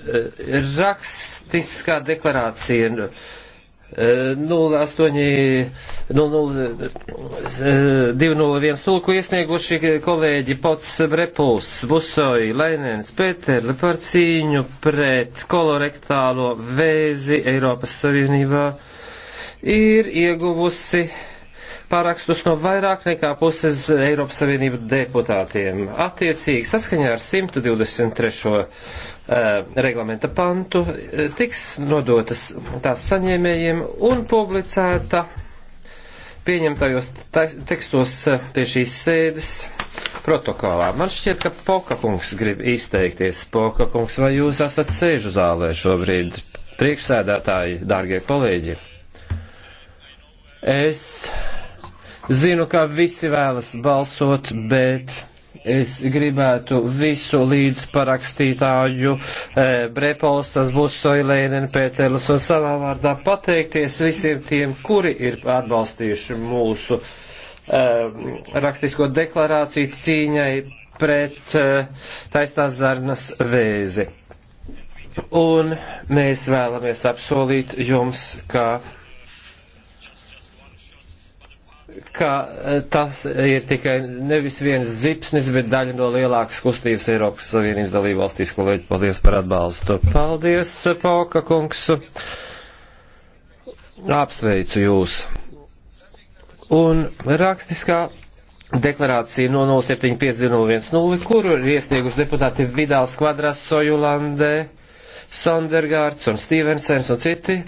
Eh, rakstiskā deklarācija 08201 nu, eh, eh, tulku iesnieguši kolēģi Pots Brepuls, Busoji, Lainēns, Pēterle par cīņu pret kolorektālo vēzi Eiropas Savienībā ir ieguvusi pārakstus no vairāk nekā puses Eiropas Savienību deputātiem. Attiecīgi saskaņā ar 123. Eh, reglamenta pantu eh, tiks nodotas tās saņēmējiem un publicēta pieņemtajos tekstos eh, pie šīs sēdes protokolā. Man šķiet, ka Pokakungs grib izteikties. Pokakungs, vai jūs esat sēžu zālē šobrīd? Priekšsēdētāji, dārgie kolēģi. Es Zinu, ka visi vēlas balsot, bet es gribētu visu līdzparakstītāju e, eh, Brepols, tas būs Soilēnen, Pēterlis un savā vārdā pateikties visiem tiem, kuri ir atbalstījuši mūsu e, rakstisko deklarāciju cīņai pret e, taisnās zarnas vēzi. Un mēs vēlamies apsolīt jums, ka ka eh, tas ir tikai nevis viens zipsnis, bet daļa no lielākas kustības Eiropas Savienības dalībvalstīs. Kolēģi, paldies par atbalstu. Paldies, eh, Pauka kungs. Apsveicu jūs. Un rakstiskā deklarācija no 075210, kuru ir iesnieguši deputāti Vidāls Kvadras, Sojulande, Sondergārds un Stevensens un citi.